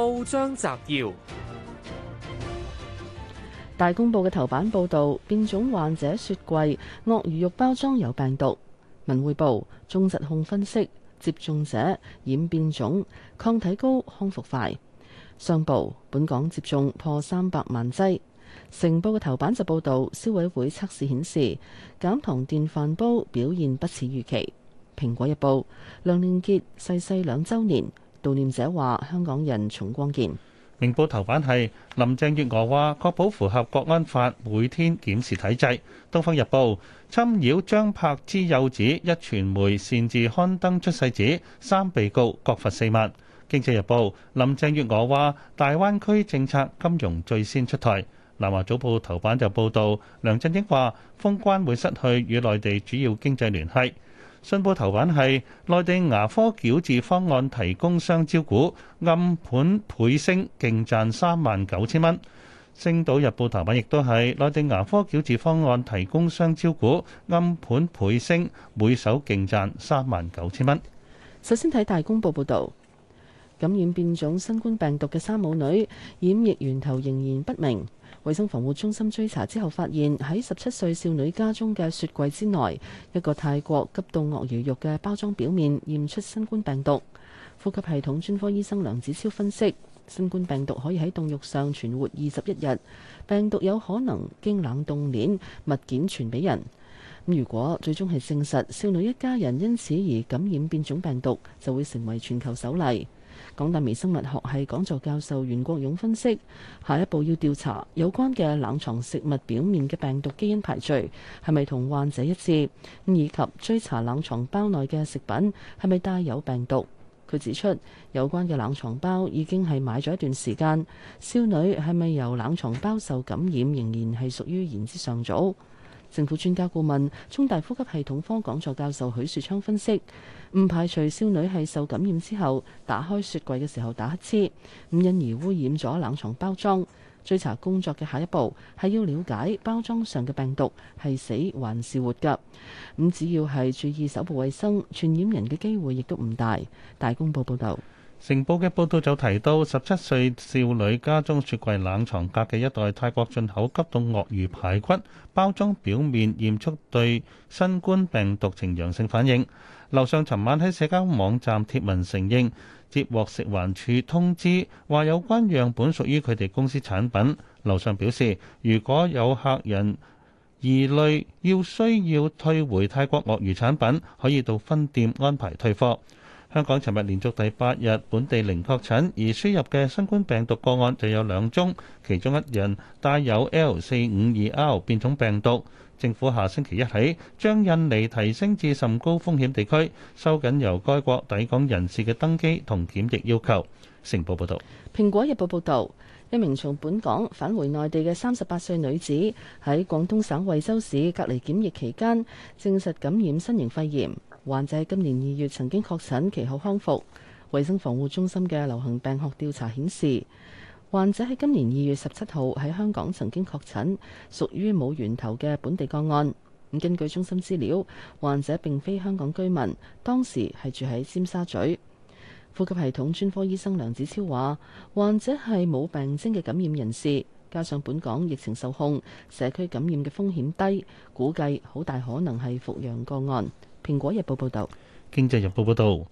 報章摘要：大公報嘅頭版報道，變種患者雪櫃鱷魚肉包裝有病毒。文匯報：中疾控分析，接種者染變種，抗體高，康復快。商報：本港接種破三百萬劑。成報嘅頭版就報道消委會測試顯示，減糖電飯煲表現不似預期。蘋果日報：梁連杰逝世兩週年。悼念者話：香港人重光健。明報頭版係林鄭月娥話確保符合國安法，每天檢視體制。《東方日報》侵擾張柏芝幼子，壹傳媒擅自刊登出世紙，三被告各罰四萬。《經濟日報》林鄭月娥話：大灣區政策金融最先出台。南華早報頭版就報道梁振英話封關會失去與內地主要經濟聯繫。信報頭版係內地牙科矯治方案提供商招股暗盤倍升，勁賺三萬九千蚊。星島日報頭版亦都係內地牙科矯治方案提供商招股暗盤倍升，每手勁賺三萬九千蚊。首先睇大公報報道。感染變種新冠病毒嘅三母女，染疫源頭仍然不明。衛生防護中心追查之後，發現喺十七歲少女家中嘅雪櫃之內，一個泰國急凍鱷魚肉嘅包裝表面驗出新冠病毒。呼吸系統專科醫生梁子超分析，新冠病毒可以喺凍肉上存活二十一日，病毒有可能經冷凍鏈物件傳俾人。如果最終係證實少女一家人因此而感染變種病毒，就會成為全球首例。港大微生物學系講座教授袁國勇分析，下一步要調查有關嘅冷藏食物表面嘅病毒基因排序係咪同患者一致，以及追查冷藏包內嘅食品係咪帶有病毒。佢指出，有關嘅冷藏包已經係買咗一段時間，少女係咪由冷藏包受感染，仍然係屬於言之尚早。政府專家顧問、中大呼吸系統科講座教授許樹昌分析，唔排除少女係受感染之後，打開雪櫃嘅時候打乞嗤，咁因而污染咗冷藏包裝。追查工作嘅下一步係要了解包裝上嘅病毒係死還是活㗎。咁只要係注意手部衛生，傳染人嘅機會亦都唔大。大公報報導。成報嘅報道就提到，十七歲少女家中雪櫃冷藏格嘅一袋泰國進口急凍鱷魚排骨，包裝表面驗出對新冠病毒呈陽性反應。樓上尋晚喺社交網站貼文承認，接獲食環署通知，話有關樣本屬於佢哋公司產品。樓上表示，如果有客人疑慮要需要退回泰國鱷魚產品，可以到分店安排退貨。香港尋日連續第八日本地零確診，而輸入嘅新冠病毒個案就有兩宗，其中一人帶有 L 四五二 R 變種病毒。政府下星期一起將印尼提升至甚高風險地區，收緊由該國抵港人士嘅登機同檢疫要求。成報報道，蘋果日報報道，一名從本港返回內地嘅三十八歲女子喺廣東省惠州市隔離檢疫期間，證實感染新型肺炎。患者今年二月曾經確診，其後康復。衛生防護中心嘅流行病學調查顯示，患者喺今年二月十七號喺香港曾經確診，屬於冇源頭嘅本地個案。咁根據中心資料，患者並非香港居民，當時係住喺尖沙咀。呼吸系統專科醫生梁子超話，患者係冇病徵嘅感染人士，加上本港疫情受控，社區感染嘅風險低，估計好大可能係復陽個案。《蘋果日報》報導，《經濟日報》報導，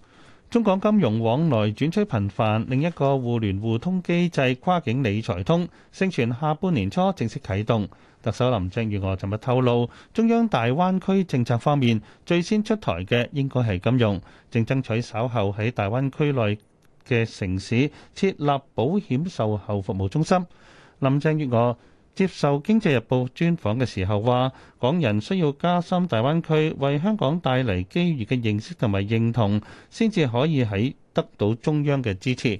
中港金融往來轉趨頻繁。另一個互聯互通機制——跨境理財通，盛傳下半年初正式啟動。特首林鄭月娥尋日透露，中央大灣區政策方面最先出台嘅應該係金融，正爭取稍後喺大灣區內嘅城市設立保險售後服務中心。林鄭月娥接受《經濟日報》專訪嘅時候話，港人需要加深大灣區為香港帶嚟機遇嘅認識同埋認同，先至可以喺得到中央嘅支持。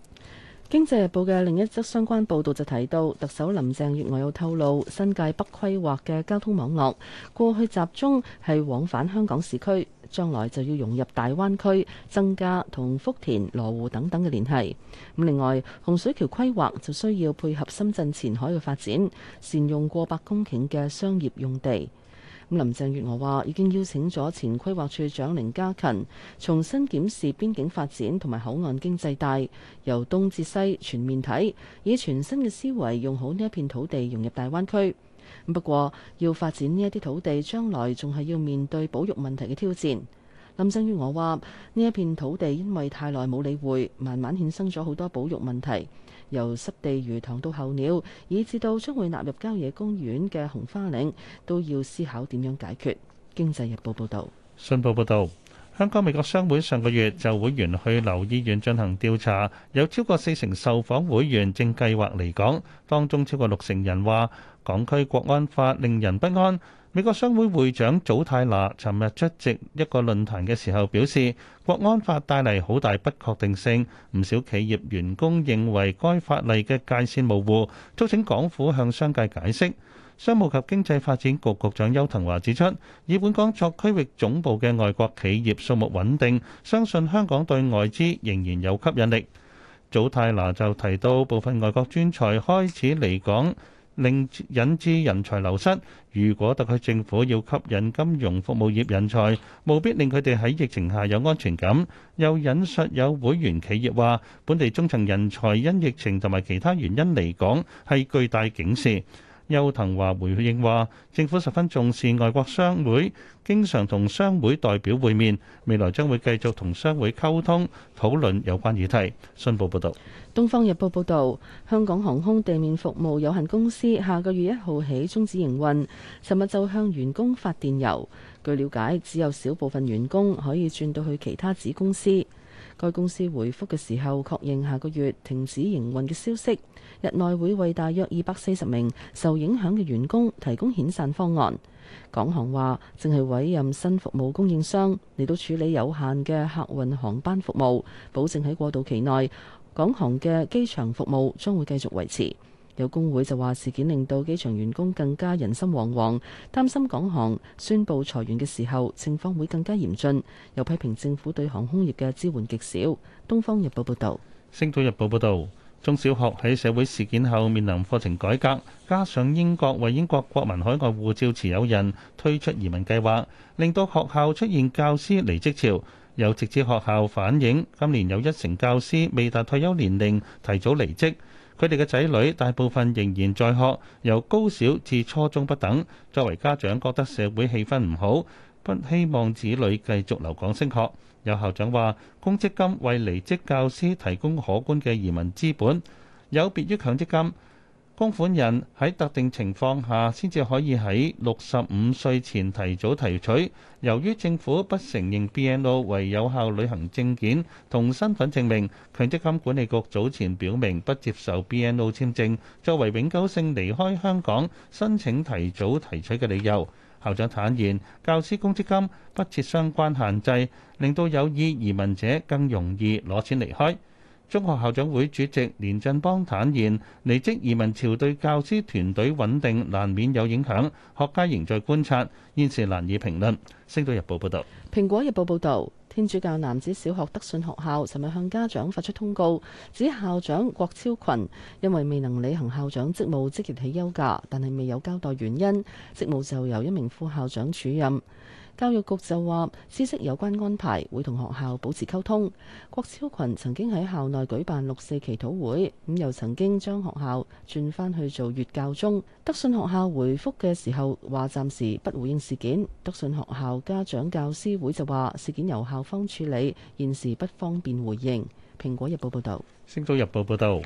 《經濟日報》嘅另一則相關報導就提到，特首林鄭月娥又透露，新界北規劃嘅交通網絡過去集中係往返香港市區，將來就要融入大灣區，增加同福田、羅湖等等嘅聯繫。咁另外，洪水橋規劃就需要配合深圳前海嘅發展，善用過百公頃嘅商業用地。林鄭月娥話：已經邀請咗前規劃處長凌嘉勤重新檢視邊境發展同埋口岸經濟帶，由東至西全面睇，以全新嘅思維用好呢一片土地，融入大灣區。不過要發展呢一啲土地，將來仲係要面對保育問題嘅挑戰。林鄭月娥話：呢一片土地因為太耐冇理會，慢慢衍生咗好多保育問題。由濕地魚塘到候鳥，以至到將會納入郊野公園嘅紅花嶺，都要思考點樣解決。經濟日報報導。新報報導。香港美國商會上個月就會員去留醫院進行調查，有超過四成受訪會員正計劃離港，當中超過六成人話港區國安法令人不安。美國商會會長祖泰娜尋日出席一個論壇嘅時候表示，國安法帶嚟好大不確定性，唔少企業員工認為該法例嘅界線模糊，促請港府向商界解釋。商務及經濟發展局局長邱騰華指出，以本港作區域總部嘅外國企業數目穩定，相信香港對外資仍然有吸引力。祖泰娜就提到，部分外國專才開始離港，令引致人才流失。如果特區政府要吸引金融服務業人才，務必令佢哋喺疫情下有安全感。又引述有會員企業話，本地中層人才因疫情同埋其他原因離港，係巨大警示。邱騰華回應話，政府十分重視外國商會，經常同商會代表會面，未來將會繼續同商會溝通討論有關議題。信報報道，《東方日報》報道，香港航空地面服務有限公司下個月一號起終止營運，尋日就向員工發電郵。據了解，只有少部分員工可以轉到去其他子公司。該公司回覆嘅時候，確認下個月停止營運嘅消息，日內會為大約二百四十名受影響嘅員工提供遣散方案。港航話正係委任新服務供應商嚟到處理有限嘅客運航班服務，保證喺過渡期內，港航嘅機場服務將會繼續維持。有工會就話事件令到機場員工更加人心惶惶，擔心港航宣布裁員嘅時候，情況會更加嚴峻。又批評政府對航空業嘅支援極少。《東方日報》報道。《星島日報》報道，中小學喺社會事件後面臨課程改革，加上英國為英國國民海外護照持有人推出移民計劃，令到學校出現教師離職潮。有直接學校反映，今年有一成教師未達退休年齡提早離職。佢哋嘅仔女大部分仍然在學，由高小至初中不等。作為家長覺得社會氣氛唔好，不希望子女繼續留港升學，有校長話，公積金為離職教師提供可觀嘅移民資本，有別於強積金。供款人喺特定情況下先至可以喺六十五歲前提早提取。由於政府不承認 BNO 為有效旅行證件同身份證明，強積金管理局早前表明不接受 BNO 簽證作為永久性離開香港申請提早提取嘅理由。校長坦言，教師公積金不設相關限制，令到有意移民者更容易攞錢離開。中學校長會主席連振邦坦言，離職移民潮對教師團隊穩定難免有影響，學界仍在觀察，現時難以評論。星島日報報道，蘋果日報報道，天主教男子小學德信學校尋日向家長發出通告，指校長郭超群因為未能履行校長職務，職業起休假，但係未有交代原因，職務就由一名副校長署任。教育局就話，知悉有關安排，會同學校保持溝通。郭超群曾經喺校內舉辦六四祈禱會，咁又曾經將學校轉翻去做粵教中。德信學校回覆嘅時候話：暫時不回應事件。德信學校家長教師會就話：事件由校方處理，現時不方便回應。蘋果日報報道。星島日報報導。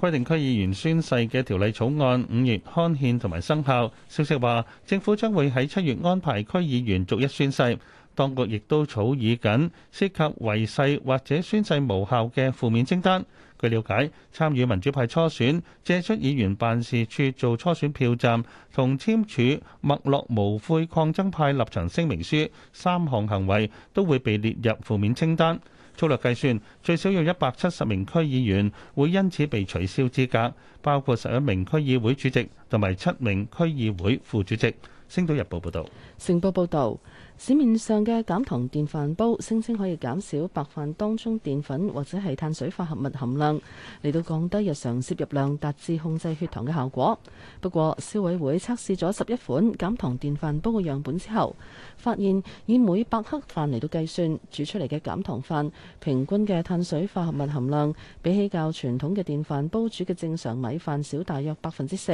規定區議員宣誓嘅條例草案五月刊憲同埋生效。消息話，政府將會喺七月安排區議員逐一宣誓。當局亦都草擬緊涉及違誓或者宣誓無效嘅負面清單。據了解，參與民主派初選、借出議員辦事處做初選票站同簽署《墨落無悔抗爭派立場聲明書》三項行為都會被列入負面清單。粗略計算，最少有一百七十名區議員會因此被取消資格，包括十一名區議會主席同埋七名區議會副主席。星島日報報道。成報報導。市面上嘅減糖電飯煲聲稱可以減少白飯當中澱粉或者係碳水化合物含量，嚟到降低日常攝入量，達至控制血糖嘅效果。不過消委會測試咗十一款減糖電飯煲嘅樣本之後，發現以每百克飯嚟到計算，煮出嚟嘅減糖飯平均嘅碳水化合物含量，比起較傳統嘅電飯煲煮嘅正常米飯少大約百分之四。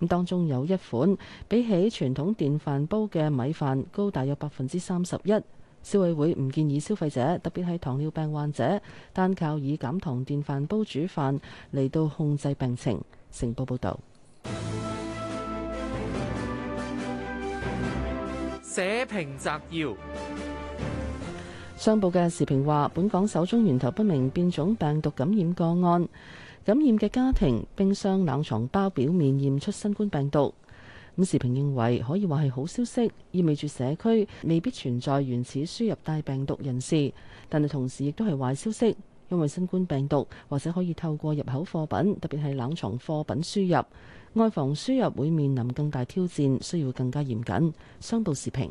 咁當中有一款比起傳統電飯煲嘅米飯高大約百。百分之三十一，消委會唔建議消費者，特別係糖尿病患者，單靠以減糖電飯煲煮，煮飯嚟到控制病情。成報報道，社評摘要，商報嘅時評話，本港首宗源頭不明變種病毒感染個案，感染嘅家庭冰箱、冷藏包表面驗出新冠病毒。咁時評認為可以話係好消息，意味住社區未必存在原始輸入帶病毒人士，但係同時亦都係壞消息，因為新冠病毒或者可以透過入口貨品，特別係冷藏貨品輸入，外防輸入會面臨更大挑戰，需要更加嚴謹。商報時評。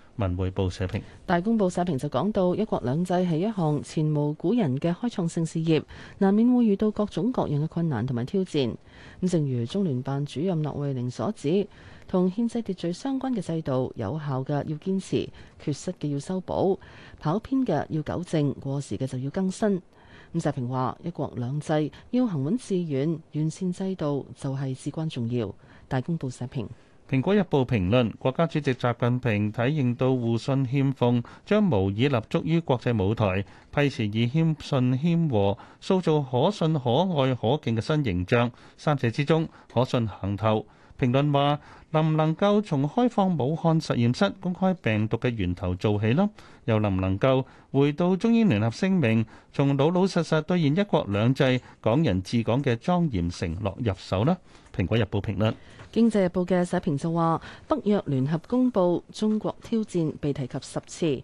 文匯報社評。大公報社評就講到一國兩制係一項前無古人嘅開創性事業，難免會遇到各種各樣嘅困難同埋挑戰。咁正如中聯辦主任駱惠寧所指，同憲制秩序相關嘅制度，有效嘅要堅持，缺失嘅要修補，跑偏嘅要糾正，過時嘅就要更新。咁社評話一國兩制要行穩致遠，完善制度就係至關重要。大公報社評。《蘋果日報》評論：國家主席習近平體認到互信、欠奉，將無以立足於國際舞台。批示以謙、信、謙和塑造可信、可愛、可敬嘅新形象，三者之中，可信行頭。評論話。能唔能夠從開放武漢實驗室公開病毒嘅源頭做起呢？又能唔能夠回到中英聯合聲明，從老老實實兌現一國兩制、港人治港嘅莊嚴承諾入手呢？《蘋果日報》評論，《經濟日報》嘅社評就話：北約聯合公佈中國挑戰被提及十次。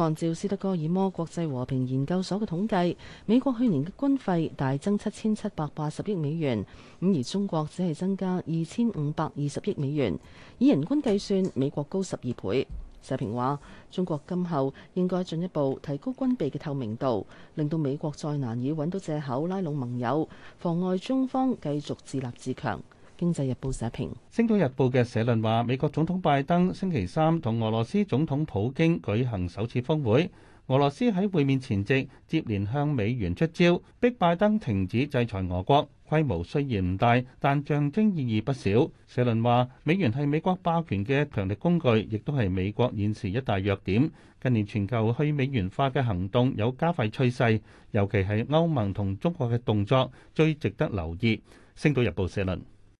按照斯德哥爾摩國際和平研究所嘅統計，美國去年嘅軍費大增七千七百八十億美元，咁而中國只係增加二千五百二十億美元。元以人均計算，美國高十二倍。社評話，中國今後應該進一步提高軍備嘅透明度，令到美國再難以揾到借口拉攏盟友，妨礙中方繼續自立自強。經濟日報社評。星島日報嘅社論話，美國總統拜登星期三同俄羅斯總統普京舉行首次峰會，俄羅斯喺會面前夕接連向美元出招，逼拜登停止制裁俄國。規模雖然唔大，但象徵意義不少。社論話，美元係美國霸權嘅強力工具，亦都係美國現時一大弱點。近年全球去美元化嘅行動有加快趨勢，尤其係歐盟同中國嘅動作，最值得留意。星島日報社論。